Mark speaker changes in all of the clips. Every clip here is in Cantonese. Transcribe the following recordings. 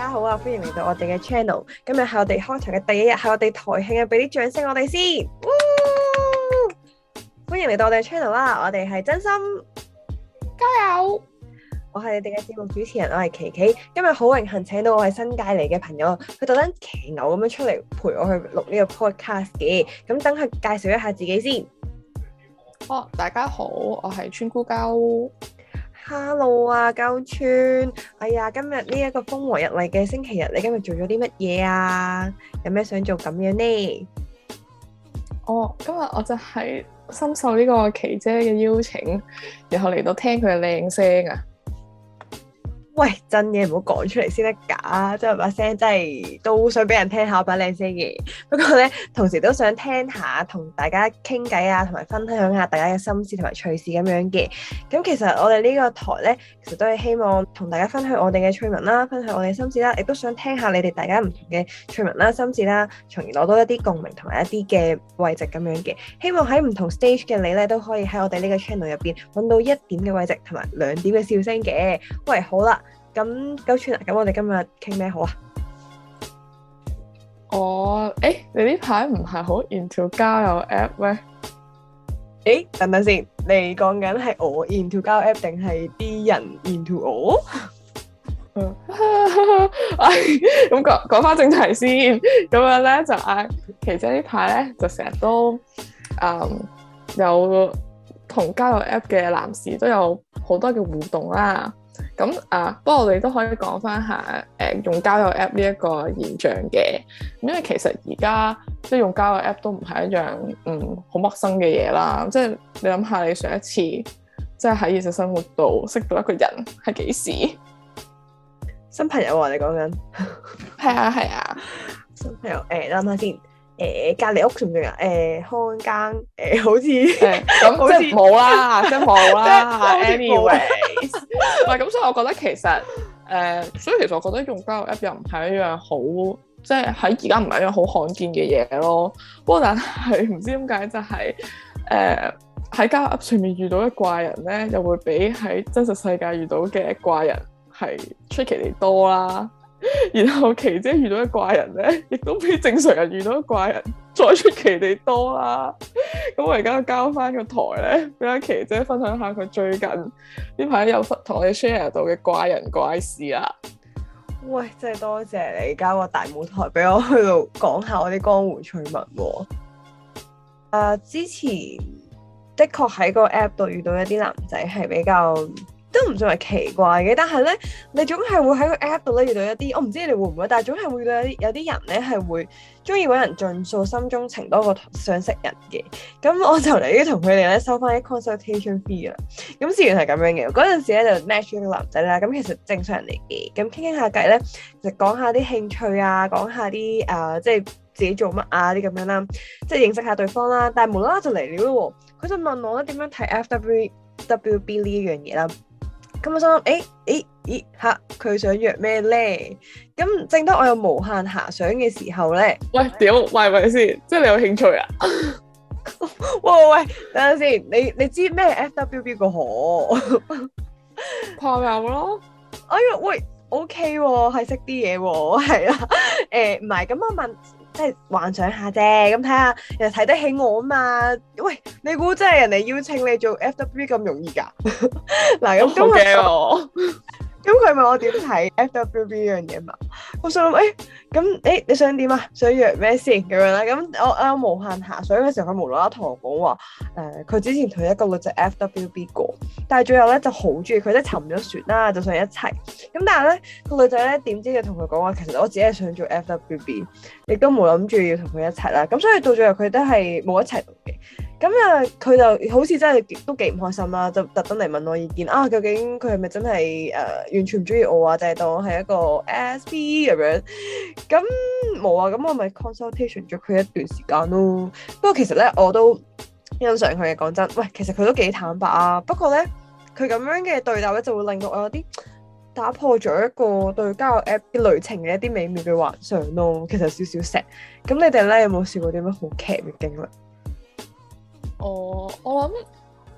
Speaker 1: 大家好啊！歡迎嚟到我哋嘅 channel，今日係我哋開場嘅第一日，係我哋台慶啊！俾啲掌聲我哋先，嗯，歡迎嚟到我哋嘅 channel 啦！我哋係真心加油。我係你哋嘅節目主持人，我係琪琪。今日好榮幸請到我係新界嚟嘅朋友，佢特登騎牛咁樣出嚟陪我去錄呢個 podcast 嘅。咁等佢介紹一下自己先。哦，大家好，我係村姑鳩。哈嘍啊，溝村，哎呀，今日呢一個風和日麗嘅星期日，你今日做咗啲乜嘢啊？有咩想做咁樣呢？哦，今日我就係深受呢個琪姐嘅邀請，然後嚟到聽佢嘅靚聲啊！喂，真嘢唔好講出嚟先得㗎，即係把聲真係都想俾人聽下把靚聲嘅。不過呢，同時都想聽下同大家傾偈啊，同埋分享下大家嘅心事同埋趣事咁樣嘅。咁其實我哋呢個台呢，其實都係希望同大家分享我哋嘅趣聞啦，分享我哋嘅心事啦，亦都想聽下你哋大家唔同嘅趣聞啦、心事啦，從而攞到一啲共鳴同埋一啲嘅位置咁樣嘅。希望喺唔同 stage 嘅你呢，都可以喺我哋呢個 channel 入邊揾到一點嘅位置同埋兩點嘅笑聲嘅。喂，好啦～咁高川啊，咁我哋今日傾咩好啊？我誒、欸，你呢排唔係好 into 交友 app 咩？誒、欸，等等先，你講緊係我 into 交友 app，定係啲人 into 我？ 嗯，咁、 啊
Speaker 2: 哎、講講返正題先，咁樣咧就誒，其實呢排呢，就成日都嗯有同交友 app 嘅男士都有好多嘅互動啦、啊。咁啊，不過我哋都可以講返下，誒，用交友 App 呢一個現象嘅，因為其實而家即係用交友 App 都唔係一樣，嗯，好陌生嘅嘢啦。即係你諗下，你上一次即係喺現實生活度識到一個人係幾
Speaker 1: 時？新朋友啊，你講緊係啊係啊，啊新朋友誒，諗、欸、下先，誒、欸，隔籬屋仲唔仲啊？誒、欸，看更誒，好似咁，即係冇啦，即係冇啦，anyway。
Speaker 2: 唔係咁，所以我覺得其實，誒，所以其實我覺得用交友 app 又唔係一樣好，即係喺而家唔係一樣好罕見嘅嘢咯。不過但係唔知點解就係、是，誒、呃，喺交友 app 上面遇到嘅怪人咧，又會比喺真實世界遇到嘅怪人係出奇地多啦。然後奇姐遇到一怪人咧，亦都比正常人遇到一怪人再出奇地多啦。咁 我而家交翻個台咧，俾阿奇姐分享下佢最近呢排有同你 share 到嘅怪人怪事啦。
Speaker 1: 喂，真係多謝，謝你交個大舞台俾我去度講下我啲江湖趣聞。誒，uh，之前的確喺個 app 度遇到一啲男仔係比較。都唔算係奇怪嘅，但係咧，你總係會喺個 app 度咧遇到一啲，我唔知你哋會唔會，但係總係會遇到有啲人咧係會中意搵人盡訴心中情多過想識人嘅。咁我就嚟要同佢哋咧收翻啲 consultation fee 啦。咁事源係咁樣嘅，嗰陣時咧就 match 咗個男仔啦。咁其實正常人嚟嘅，咁傾傾下偈咧，就講下啲興趣啊，講下啲誒即係自己做乜啊啲咁樣啦，即係認識下對方啦。但係無啦啦就嚟了喎，佢就問我咧點樣睇 FWB 呢樣嘢啦。咁我想諗，誒誒、欸欸、咦吓，佢想約咩咧？咁正當我有無限遐想嘅時候咧，喂，屌，喂，喂，先？即係你有興趣啊？喂喂等下先，你你知咩？F W B 個河，炮友咯。哎呀，喂，O K 喎，係識啲嘢喎，係啦。誒，唔、欸、係，咁我問。即係幻想下啫，咁睇下又睇得起我啊嘛！喂，你估真係人哋邀請你做 F.W. 咁容易㗎？嗱 今天，咁好驚。咁佢問我點睇 F.W.B 呢樣嘢嘛？我想諗，誒、欸，咁誒、欸，你想點啊？想約咩先咁樣啦？咁我我無限下想嘅時候無無，佢無啦啦同我講話，誒，佢之前同一個女仔 F.W.B 過，但係最後咧就好中意佢，即係沉咗船啦，就想一齊。咁但係咧、個女仔咧，點知要同佢講話，其實我只係想做 F.W.B，亦都冇諗住要同佢一齊啦。咁所以到最後佢都係冇一齊到嘅。咁啊，佢就好似真係都幾唔開心啦、啊，就特登嚟問我意見啊，究竟佢係咪真係誒、呃、完全唔中意我啊，定係當我係一個 SB 咁樣？咁冇啊，咁我咪 consultation 咗佢一段時間咯。不過其實咧，我都欣賞佢嘅講真。喂，其實佢都幾坦白啊。不過咧，佢咁樣嘅對答咧，就會令到我有啲打破咗一個對交友 App 嘅旅程嘅一啲美妙嘅幻想咯。其實少少 sad，a 咁你哋咧有冇試過啲乜好劇嘅經歷？
Speaker 2: 哦、oh，我諗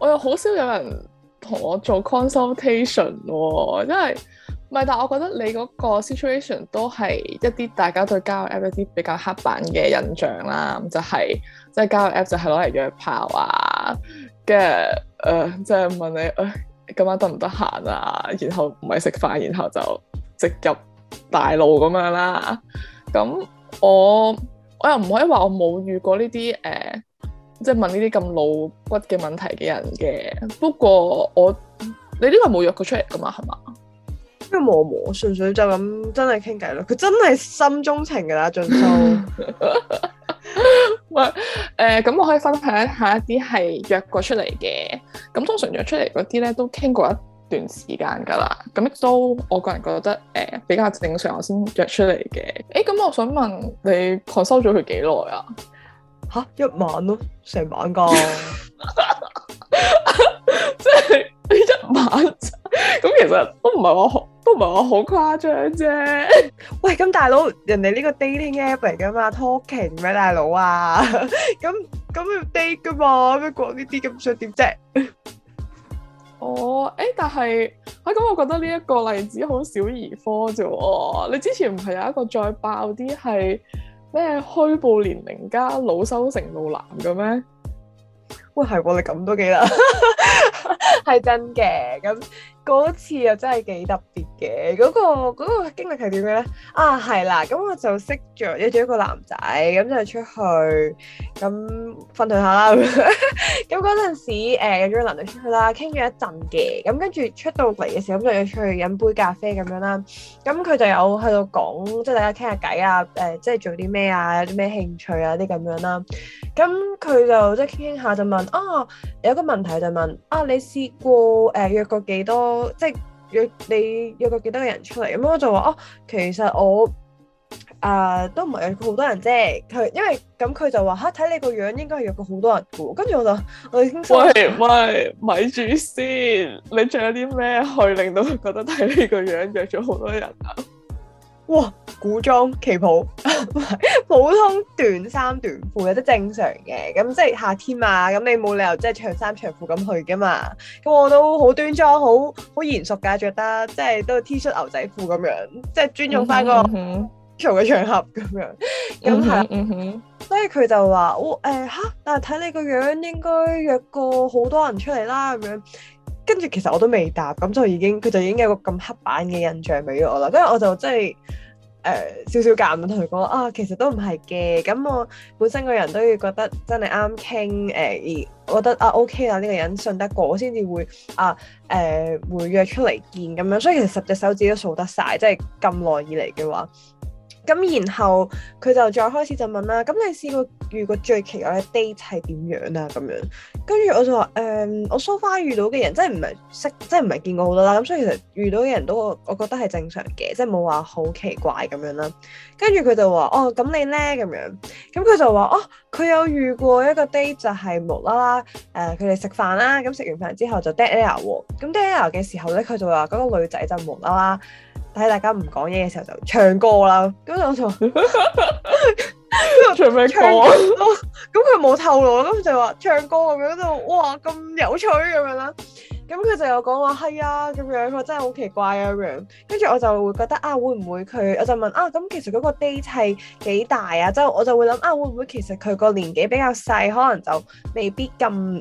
Speaker 2: 我又好少有人同我做 consultation 喎、哦，因為唔係？但係我覺得你嗰個 situation 都係一啲大家對交友 app 一啲 比較刻板嘅印象啦，就係即係交友 app 就係攞嚟約炮啊，跟住誒即係問你誒、呃、今晚得唔得閒啊，然後唔係食飯，然後就直入大路咁樣啦。咁我我又唔可以話我冇遇過呢啲誒。呃即係問呢啲咁老骨嘅問題嘅人嘅，不過我你呢個冇約佢出嚟
Speaker 1: 噶嘛，係嘛？即係模模，純粹就咁真係傾偈咯。佢真係心中情噶啦，進修。喂，誒，咁我可以分
Speaker 2: 享一下一啲係約過出嚟嘅。咁通常約出嚟嗰啲咧，都傾過一段時間噶啦。咁亦都我個人覺得誒、呃、比較正常，我先約出嚟嘅。誒、欸，咁我想問你，狂收咗佢幾耐啊？吓一晚咯，成晚噶， 即係一
Speaker 1: 晚咁。 其實都唔係我好，都唔係我好誇張啫。喂，咁大佬，人哋呢個 dating app 嚟噶嘛，talking 咩大佬啊？咁咁要 date 噶嘛？咩樣講呢啲咁想點啫？
Speaker 2: 哦，誒，但係吓咁，哎、我覺得呢一個例子好小兒科啫。你之前唔係有一個再爆啲係？咩虛報年齡加老修成路男嘅咩？
Speaker 1: 喂，係喎，你咁都記得，係 真嘅咁。嗰次又真係幾特別嘅，嗰個嗰個經歷係點嘅咧？啊，係啦，咁我就識著約咗個男仔，咁就出去咁瞓練下啦。咁嗰陣時，誒約咗個男仔出去啦，傾咗一陣嘅，咁跟住出到嚟嘅時候，咁就去出去飲杯咖啡咁樣啦。咁佢就有喺度講，即係大家傾下偈啊，誒，即係做啲咩啊，有啲咩興趣啊，啲咁樣啦。咁佢就即係傾傾下，就問啊，有個問題就問啊，你試過誒約過幾多？即係約你約過幾多個人出嚟咁，我就話哦，其實我誒、呃、都唔係約過好多人啫。佢因為咁，佢就話吓，睇、啊、你個樣應該係約過好多人嘅。跟住我就我哋傾喂
Speaker 2: 喂，咪住先，你着咗啲咩去，令到佢覺得睇你個樣約咗好多人啊？
Speaker 1: 哇，古裝旗袍， 普通短衫短褲有得正常嘅，咁即係夏天嘛、啊，咁你冇理由即係長衫長褲咁去噶嘛，咁我都好端莊，好好嚴肅噶，着得即係都 T 恤牛仔褲咁樣，即係尊重翻個場嘅場合咁樣，咁係啦，所以佢就話，哦，誒、欸、嚇，但係睇你個樣應該約過好多人出嚟啦咁樣。跟住其實我都未答，咁就已經佢就已經有個咁刻板嘅印象俾咗我啦。跟住我就真係誒少少尷，同佢講啊，其實都唔係嘅。咁我本身個人都要覺得真係啱傾誒，我、呃、覺得啊 OK 啦，呢個人信得過，先至會啊誒、呃，會約出嚟見咁樣。所以其實十隻手指都數得晒，即係咁耐以嚟嘅話。咁然後佢就再開始就問啦，咁你試過遇過最奇怪嘅 date 係點樣啊？咁樣跟住我就話誒、呃，我 so far 遇到嘅人真係唔係識，真係唔係見過好多啦。咁、嗯、所以其實遇到嘅人都我我覺得係正常嘅，即係冇話好奇怪咁樣啦。跟住佢就話哦，咁你咧咁樣？咁佢就話哦，佢有遇過一個 date 就係無啦啦誒，佢哋食飯啦，咁食、嗯、完飯之後就 dead air 喎。咁 dead air 嘅時候咧，佢就話嗰、那個女仔就無啦啦。睇大家唔講嘢嘅時候就唱歌啦，咁就我仲話，咁 唱咩歌？咁佢冇透露，咁就話唱歌咁樣，就哇咁有趣咁樣啦。咁佢就有講話係啊咁樣，我真係好奇怪啊咁樣。跟住我就會覺得啊，會唔會佢？我就問啊，咁其實嗰個 date 係幾大啊？之後我就會諗啊，會唔會其實佢個年紀比較細，可能就未必咁。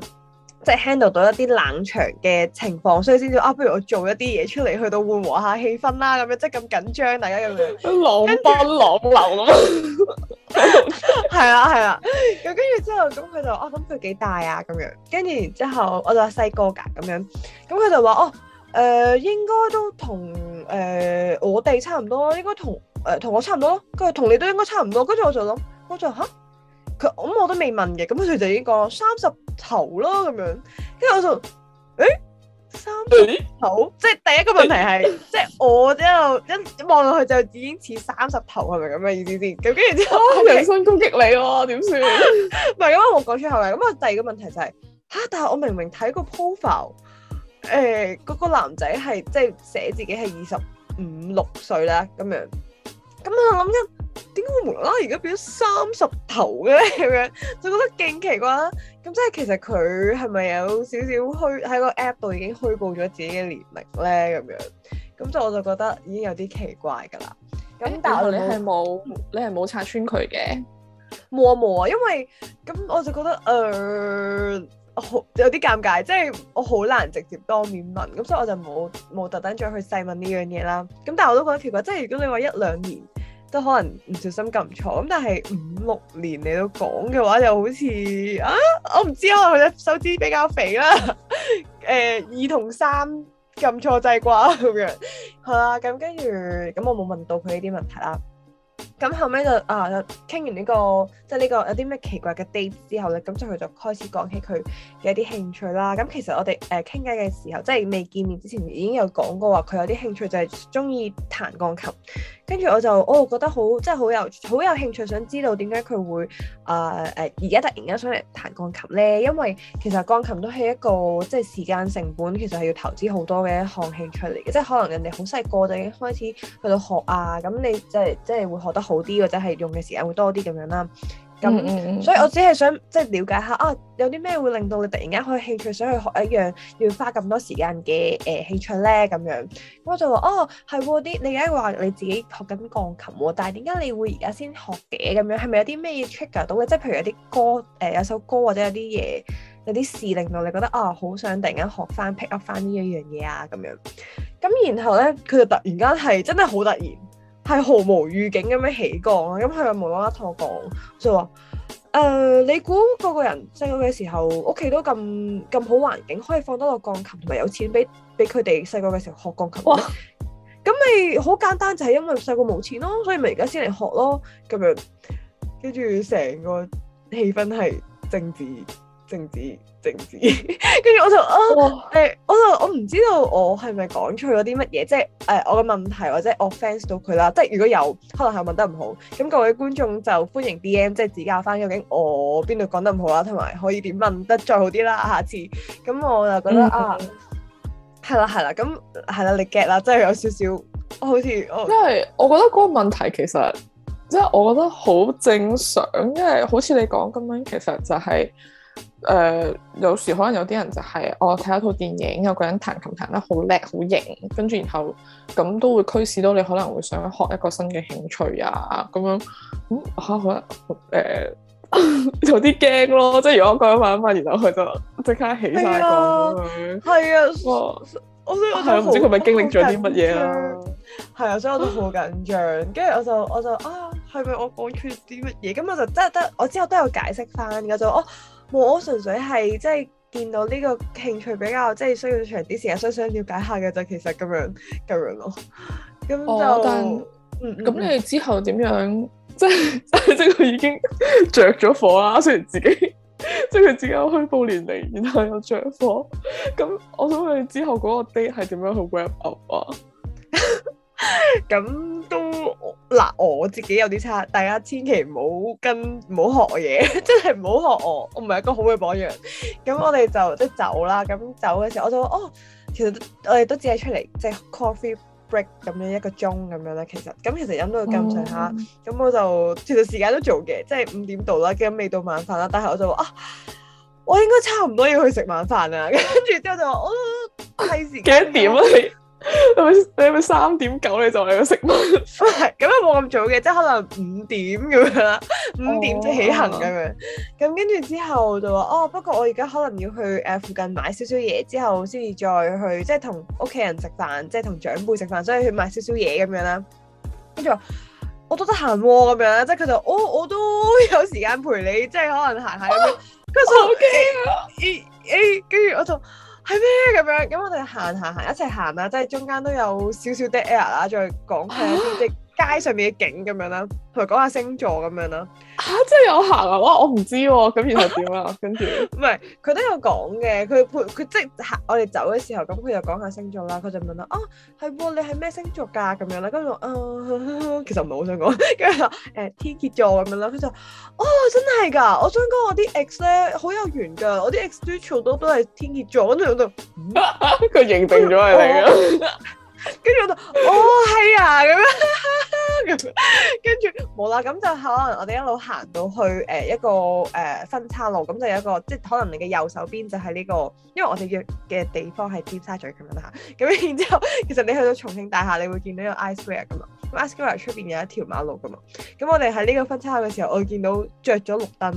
Speaker 1: 即係 handle 到一啲冷場嘅情況，所以先至啊，不如我做一啲嘢出嚟，去到緩和下氣氛啦，咁樣即係咁緊張，大家咁樣，樣跟住冷崩冷流咁啊，係啊，係啊，咁跟住之後咁佢就啊，咁佢幾大啊？咁樣，哦呃、跟住、呃呃、然之後我就話細個㗎咁樣，咁佢就話哦，誒應該都同誒我哋差唔多，應該同誒同我差唔多咯，佢同你都應該差唔多，跟住我就諗，我就嚇。啊佢咁我都未問嘅，咁佢就已經講三十頭咯咁樣，跟住我就誒三十頭，即係第一個問題係，即係我之後一望落去就已經似三十頭，係咪咁嘅意思先？咁跟住之後人身攻擊你喎，點算？唔係咁啱我講出口嘅，咁我第二個問題就係嚇，但係我明明睇個 profile，誒嗰個男仔係即係寫自己係二十五六歲啦，咁樣，咁我諗一。點解會無啦啦而家變咗三十頭嘅咁樣， 就覺得勁奇怪啦、啊。咁即係其實佢係咪有少少虛喺個 app 度已經虛報咗自己嘅年齡咧咁樣？咁就我就覺得已經有啲奇怪噶啦。咁但係你係冇你係冇拆穿佢嘅，冇啊冇啊，因為咁我就覺得誒、呃、好有啲尷尬，即係我好難直接當面問，咁所以我就冇冇特登再去細問呢樣嘢啦。咁但係我都覺得奇怪，即係如果你話一兩年。都可能唔小心撳錯咁，但係五六年你都講嘅話，就好似啊，我唔知可能佢手指比較肥啦，誒 二同三撳錯掣啩咁樣，係啦，咁跟住咁我冇問到佢呢啲問題啦。咁後尾就啊傾完呢個即係呢個有啲咩奇怪嘅 date 之後咧，咁就佢就開始講起佢嘅一啲興趣啦。咁其實我哋誒傾偈嘅時候，即係未見面之前已經有講過話佢有啲興趣就係中意彈鋼琴。跟住我就哦覺得好即係好有好有興趣，想知道點解佢會啊誒而家突然間想嚟彈鋼琴咧？因為其實鋼琴都係一個即係時間成本其實係要投資好多嘅一項興趣嚟嘅，即係可能人哋好細個就已經開始去到學啊。咁你即係即係會學得好。好啲，或者係用嘅時間會多啲咁樣啦。咁，嗯嗯所以我只係想即係、就是、了解下啊，有啲咩會令到你突然間去興趣想去學一樣要花咁多時間嘅誒興趣咧？咁、呃、樣，我就話哦，係啲你而家話你自己學緊鋼琴，但係點解你會而家先學嘅咁樣？係咪有啲咩嘢 trigger 到嘅？即係譬如有啲歌誒、呃，有首歌或者有啲嘢有啲事令到你覺得啊，好想突然間學翻 pick up 翻呢一樣嘢啊咁樣。咁然後咧，佢就突然間係真係好突然。係毫無預警咁樣起降，啊！咁佢無啦啦同我講就話：誒、呃，你估個個人細個嘅時候屋企都咁咁好環境，可以放得落鋼琴同埋有錢俾俾佢哋細個嘅時候學鋼琴？哇！咁咪好簡單，就係、是、因為細個冇錢咯，所以咪而家先嚟學咯咁樣。跟住成個氣氛係政治。政治政治，跟住 我就哇啊，誒，我就我唔知道我係咪講錯咗啲乜嘢，即係誒、呃、我嘅問題或者我 offence 到佢啦。即係如果有，可能係問得唔好，咁各位觀眾就歡迎 DM 即係指教翻究竟我邊度講得唔好啦，同埋可以點問得再好啲啦，下次。咁我就覺得、嗯、啊，係啦係啦，咁係啦你 get 啦，即係有少少，好似我，因
Speaker 2: 為我覺得嗰個問題其實即係、就是、我覺得好正常，因為好似你講咁樣，其實就係、是。誒、呃，有時可能有啲人就係我睇一套電影，有個人彈琴彈得好叻，好型，跟住然後咁都會驅使到你可能會想學一個新嘅興趣啊，咁樣咁吓佢誒有啲驚咯，即係如果我咁樣玩翻，然後佢就即刻起晒個咁
Speaker 1: 係啊，我、啊啊、所以我就唔知佢係咪經歷咗啲乜嘢啊，係啊，所以我都好緊張，跟住 我就我就啊係咪我講錯啲乜嘢？咁我就真係得我之後都有解釋翻嘅，我就哦。我純粹係即係見到呢個興趣比較，即係需要長啲時間，想想了解下嘅就其實咁樣咁樣咯。咁就、哦、但
Speaker 2: 咁、嗯、你之後點樣？ 即係即係佢已經着咗火啦，雖然自己即係佢自己有虛報年齡，然後又着火。咁我想問你，之後嗰個 date 係點樣去 wrap
Speaker 1: up 啊？咁都嗱，我自己有啲差，大家千祈唔好跟，唔好學我嘢，真係唔好學我，我唔係一個好嘅榜樣。咁我哋就即走啦。咁走嘅時候，我就話哦，其實我哋都只係出嚟即係 coffee break 咁樣一個鐘咁樣啦。其實咁其實飲到咁上下，咁、哦、我就其實時間都做嘅，即係五點到啦，咁未到晚飯啦。但係我就話啊，我應該差唔多要去食晚飯啦。跟住之後就我計、哦、時間，幾多點啊你？你你咪三點九你就喺度食乜？咁又冇咁早嘅，即係可能五點咁樣啦，五點即起行咁樣。咁跟住之後就話哦，不過我而家可能要去誒附近買少少嘢，之後先至再去，即係同屋企人食飯，即係同長輩食飯，所以去買少少嘢咁樣啦。跟住我都得閒咁樣啦，即係佢就、哦、我我都有時間陪你，即係可能行下咁樣。跟住我驚，跟住我就。係咩咁樣？咁我哋行行行一齊行啦，即係中間都有少少的 dead air 啦，再講下街上面嘅景咁、啊啊、樣啦，同埋講下星座咁樣啦。吓，真係有行啊！我我唔知喎，咁然後點啊？跟住唔係，佢都有講嘅。佢佢即係我哋走嘅時候，咁佢又講下星座啦。佢就問啦，啊係，你係咩星座噶？咁樣啦，跟住就嗯，其實唔係好想講。跟住就誒，天蠍座咁樣啦。佢就哦，真係噶！我想講我啲 ex 咧好有緣噶，我啲 ex 全部都都係天蠍座，跟咁樣都佢認定咗係你啊。 跟住 我就，哦係啊咁樣，咁跟住冇啦，咁 就可能我哋一路行到去誒一個誒分岔路，咁就有一個即係可能你嘅右手邊就係呢個，因為我哋約嘅地方係尖沙咀咁樣嚇，咁然之後其實你去到重慶大廈，你會見到有 iSquare 噶嘛，iSquare 咁出邊有一條馬路噶嘛，咁我哋喺呢個分岔路嘅時候，我會見到着咗綠燈，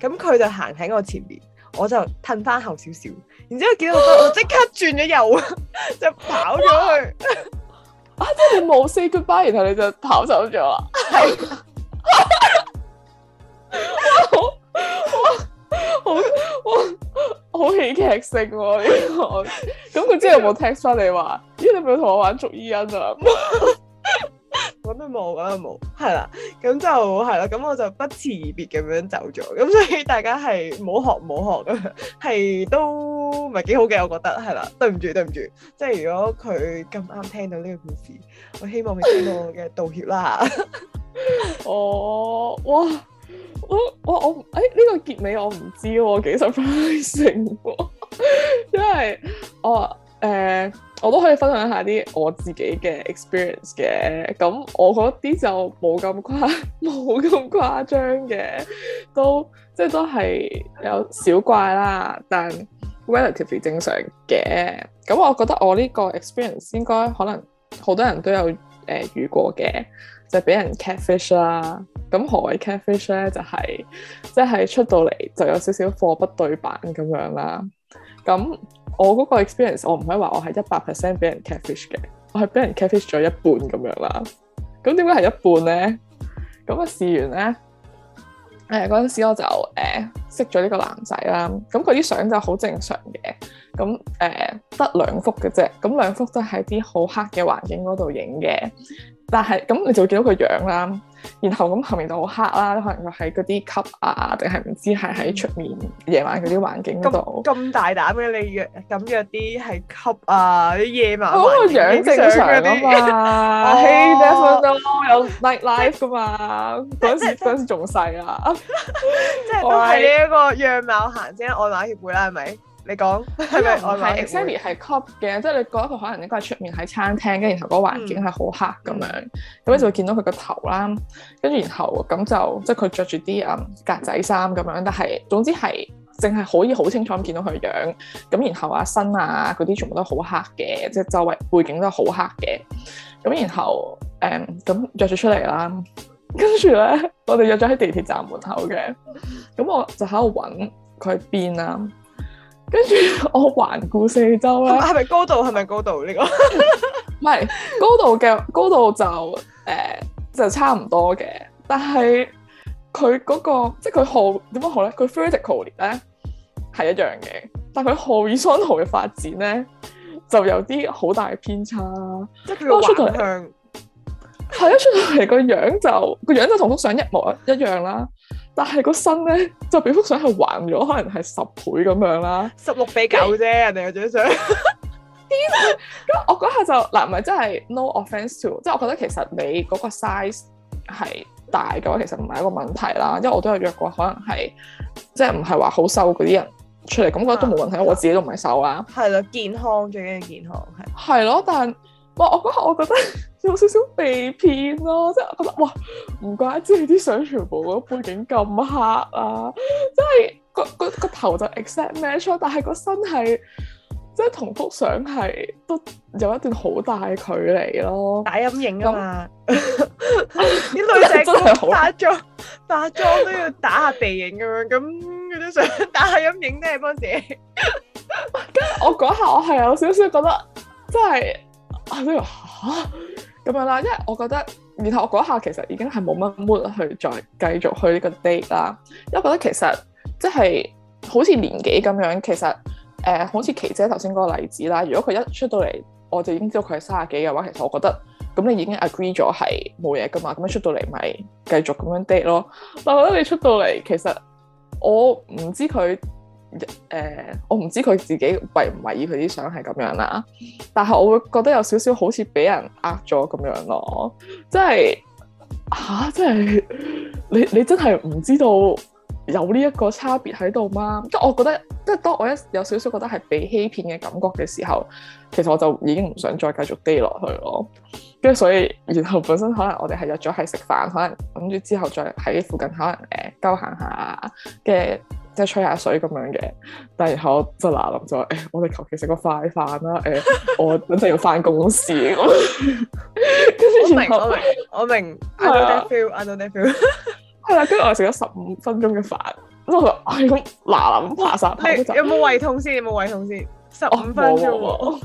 Speaker 1: 咁佢就行喺我前面。我就褪翻後少少，然之後見到佢我即刻轉咗右，
Speaker 2: 就跑咗去。啊！即係你冇 say goodbye，然後你就跑走咗啊？好，好，好，好喜劇性喎呢個。咁佢之後有冇 text 翻你話？咦，你唔好同我玩捉伊恩啊！
Speaker 1: 都冇啦，冇係啦，咁就係啦，咁我就不辭而別咁樣走咗，咁所以大家係冇學冇學啊，係都唔係幾好嘅，我覺得係啦，對唔住對唔住，即係如果佢咁啱聽到呢個故事，我希望你聽到我嘅道歉啦吓。哦、 呃，哇，我我我，誒、欸，呢、這個結尾我唔
Speaker 2: 知喎，幾 surprising，因為我誒。呃呃我都可以分享下啲我自己嘅 experience 嘅，咁我嗰啲就冇咁誇冇咁誇張嘅，都即係都係有小怪啦，但 relatively 正常嘅。咁我覺得我呢個 experience 應該可能好多人都有誒、呃、遇過嘅，就俾、是、人 catfish 啦。咁何謂 catfish 咧？就係即係出到嚟就有少少貨不對版咁樣啦。咁我嗰個 experience，我唔可以話我係一百 percent 俾人 catfish 嘅，我係俾人 catfish 咗一半咁樣啦。咁點解係一半呢？咁我試完呢，誒、哎、嗰時我就、呃識咗呢個男仔啦，咁佢啲相就好正常嘅，咁誒得兩幅嘅啫，咁兩幅都係啲好黑嘅環境嗰度影嘅，但係咁你就見到佢樣啦，然後咁後面就好黑啦，可能佢喺嗰啲吸啊，定係唔知係喺出面夜晚嗰啲環
Speaker 1: 境度。咁大膽嘅你約咁約啲係吸啊啲夜晚環境正常啊嘛。希、哎，你都有 night life 噶嘛？
Speaker 2: 嗰陣時，嗰陣時仲細啊，即係都係一
Speaker 1: 個樣貌行先，外貌協會啦，係咪？你講係咪外貌？Examine 係
Speaker 2: cop 嘅，即係你覺得佢可能應該係出面喺餐廳，跟住然後嗰個環境係好黑咁、嗯、樣，咁你就會見到佢個頭啦，跟住然後咁就即係佢着住啲嗯格仔衫咁樣，但係總之係淨係可以好清楚咁見到佢樣，咁然後阿身啊嗰啲全部都好黑嘅，即係周圍背景都好黑嘅，咁然後誒咁、嗯、著住出嚟啦。跟住咧，我哋約咗喺地鐵站門口嘅，咁我就喺度揾佢喺邊啦。跟住我環顧四周咧，係咪
Speaker 1: 高度？係咪高度呢、這個？
Speaker 2: 唔 係高度嘅高度就誒、呃、就差唔多嘅，但係佢嗰個即係佢號點樣號咧？佢 vertical 咧係一樣嘅，但係佢 horizontal 嘅發展咧就有啲好大嘅偏差，即係佢個
Speaker 1: 方向。環境
Speaker 2: 係一出到嚟，個樣就個樣就同幅相一模一樣啦，但係個身咧就比幅相係橫咗，可能係十倍咁樣啦，
Speaker 1: 十六比九啫，人哋嗰張相。咁我嗰下
Speaker 2: 就嗱，唔係真係 no offense to，即係我覺得其實你嗰個 size 係大嘅話，其實唔係一個問題啦，因為我都有約過可能係即係唔係話好瘦嗰啲人出嚟，咁我覺得都冇問題，啊、我自己都唔係瘦啊。
Speaker 1: 係啦，健康最緊要健康係。
Speaker 2: 係咯，但。哇！我嗰下我覺得
Speaker 1: 有少少被騙
Speaker 2: 咯，即係我覺得哇，唔怪之你啲相全部背景咁黑啊！即係個個個頭就 exact match 咯，但係個身係即係同幅相係都有一段好大距離咯。打陰影啊嘛！
Speaker 1: 啲女仔真係好化妝，化妝都要打下鼻影咁樣，咁嗰啲相打下陰影都係幫自己。跟住 我嗰下我係有少少覺得，即係。
Speaker 2: 跟住咁樣啦，因為我覺得，然後我嗰下其實已經係冇乜 mood 去再繼續去呢個 date 啦，因為覺得其實即係好似年紀咁樣，其實誒、呃、好似琪姐頭先嗰個例子啦，如果佢一出到嚟，我就已經知道佢係卅幾嘅話，其實我覺得咁你已經 agree 咗係冇嘢噶嘛，咁一出到嚟咪繼續咁樣 date 咯。但我覺得你出到嚟其實我唔知佢。誒、呃，我唔知佢自己為唔為意佢啲相係咁樣啦，但係我會覺得有少少好似俾人呃咗咁樣咯，即係吓，即、啊、係你你真係唔知道有呢一個差別喺度嗎？即係我覺得，即係當我有少少覺得係被欺騙嘅感覺嘅時候，其實我就已經唔想再繼續低落去咯。跟住所以，然後本身可能我哋係約咗係食飯，可能跟住之後再喺附近可能誒兜行下嘅。即係吹下水咁樣嘅，但然後我就嗱臨咗，誒、欸，我哋求其食個快飯啦、啊，誒、欸，我一陣要返公司，
Speaker 1: 跟住、啊 啊、然後我明我明我明，係啊，
Speaker 2: 係啊，跟住我食咗十五分鐘嘅飯，咁我話，係咁嗱諗爬晒，有冇胃
Speaker 1: 痛先？有冇胃痛先，十五分鐘，冇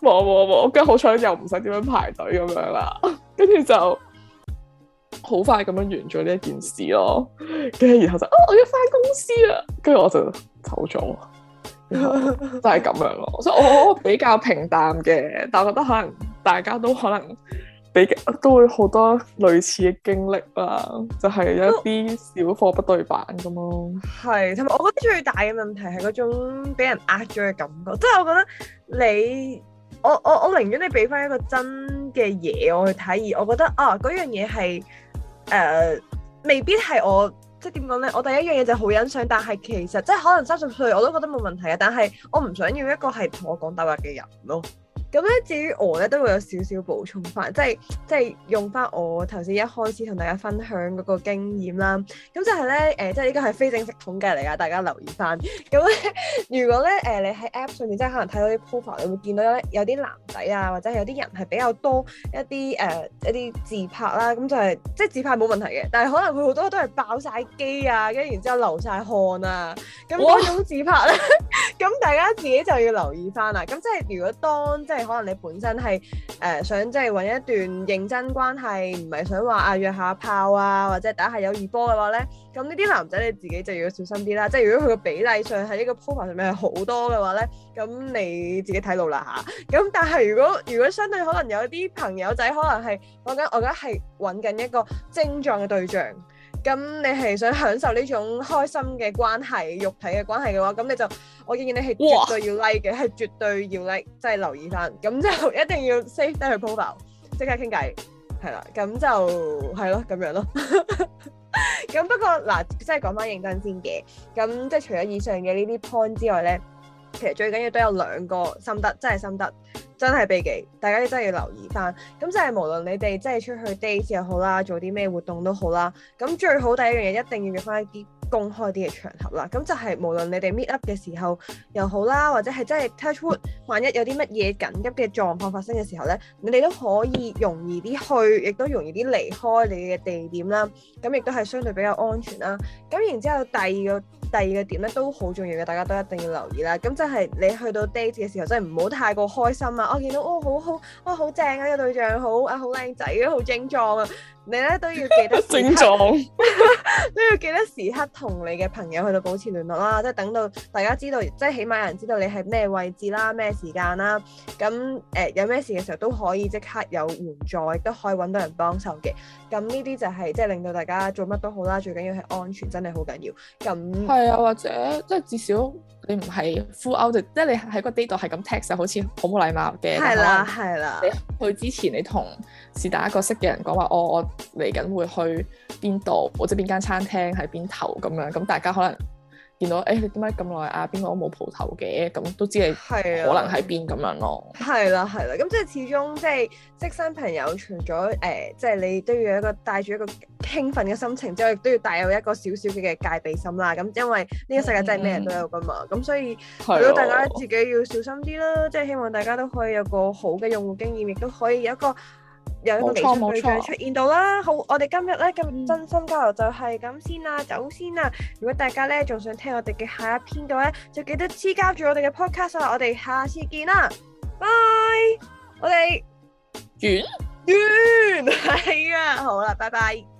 Speaker 1: 冇冇，跟住
Speaker 2: 好彩又唔使點樣排隊咁樣啦，跟 住就。好快咁樣完咗呢一件事咯，跟住然後就哦，我要翻公司啦，跟住我就走咗，就係咁樣咯。 所以我比較平淡嘅，但我覺得可
Speaker 1: 能大家都可能
Speaker 2: 比都會好多類似嘅經歷啦，就係有一啲小貨不對版咁咯。
Speaker 1: 係同埋我覺得最大嘅問題係嗰種俾人呃咗嘅感覺，即係我覺得你我我我寧願你俾翻一個真嘅嘢我去睇，而我覺得啊嗰樣嘢係。誒、uh, 未必係我即係點講咧？我第一樣嘢就好欣賞，但係其實即係可能三十歲我都覺得冇問題呀，但係我唔想要一個係同我講大話嘅人咯。咁咧，至於我咧，都會有少少補充翻，即係即係用翻我頭先一開始同大家分享嗰個經驗啦。咁就係咧，誒、呃，即係呢個係非正式統計嚟㗎，大家留意翻。咁咧，如果咧，誒、呃，你喺 App 上面即係可能睇到啲 profile，你會見到咧，有啲男仔啊，或者有啲人係比較多一啲誒、呃、一啲自拍啦。咁就係、是、即係自拍冇問題嘅，但係可能佢好多都係爆晒機啊，跟住然之後流晒汗啊。咁嗰種自拍咧，咁哇 大家自己就要留意翻啦。咁即係如果當即係。可能你本身係誒、呃、想即係搵一段認真關係，唔係想話啊約下炮啊或者打下友誼波嘅話咧，咁呢啲男仔你自己就要小心啲啦。即係如果佢個比例上喺呢個 profile 上面係好多嘅話咧，咁你自己睇路啦吓。咁但係如果如果相對可能有啲朋友仔可能係講緊我而家係搵緊一個精壯嘅對象，咁你係想享受呢種開心嘅關係、肉體嘅關係嘅話，咁你就我建議你係絕對要 like 嘅，係哇絕對要 like，即係留意翻，咁就一定要 save the profile，即刻傾偈，係啦，咁就係咯，咁樣咯。咁 不過嗱，即係講翻認真先嘅，咁即係除咗以上嘅呢啲 point 之外咧。其實最緊要都有兩個心得，真係心得，真係避忌，大家真係要留意翻。咁就係無論你哋真係出去 date 又好啦，做啲咩活動都好啦，咁最好第一樣嘢一定要用翻一啲公開啲嘅場合啦。咁就係無論你哋 meet up 嘅時候又好啦，或者係真係 touchwood，萬一有啲乜嘢緊急嘅狀況發生嘅時候咧，你哋都可以容易啲去，亦都容易啲離開你嘅地點啦。咁亦都係相對比較安全啦。咁然之後第二個。第二個點咧都好重要嘅，大家都一定要留意啦。咁即係你去到 date 嘅時候，真係唔好太過開心啊！我、啊、見到哦，好好，哇、哦，好正啊！個對象好啊，好靚仔，好精壯啊！你咧都要記得症狀，都要記得時刻同正壯 你嘅朋友去到保持聯絡啦， 即係等到大家知道，即係起碼有人知道你係咩位置啦、咩時間啦，咁誒、呃、有咩事嘅時候都可以即刻有援助，亦都可以搵到人幫手嘅。咁呢啲就係即係令到大家做乜都好啦，最緊要係安全，真係好緊要。咁係啊，
Speaker 2: 或者即係至少。你唔係呼 out，就即係你喺個 date 度係咁 text 就好似好冇禮貌嘅，係啦、係啦。你去之前你同是但一個識嘅人講話、哦，我我嚟緊會去邊度或者邊間餐廳喺邊頭咁樣，咁大家可能。見到，誒、欸、你點解咁耐啊？邊個都冇蒲頭嘅，咁都知你可能喺邊咁樣咯。
Speaker 1: 係啦、啊，係啦、啊，咁、啊、即係始終即係識新朋友，除咗誒，即係你都要有一個帶住一個興奮嘅心情，之後亦都要帶有一個少少嘅戒備心啦。咁因為呢個世界真係咩人都有噶嘛，咁、嗯、所以、啊、如果大家自己要小心啲啦，即係希望大家都可以有個好嘅用戶經驗，亦都可以有一個。有一個微信對象出現到啦，好，我哋今日咧嘅真心交流就係咁先啦，先走先啦。如果大家咧仲想聽我哋嘅下一篇嘅話咧，就記得黐交住我哋嘅 podcast 啊，我哋下次見啦，bye，我哋完完係啊， 好啦，拜拜。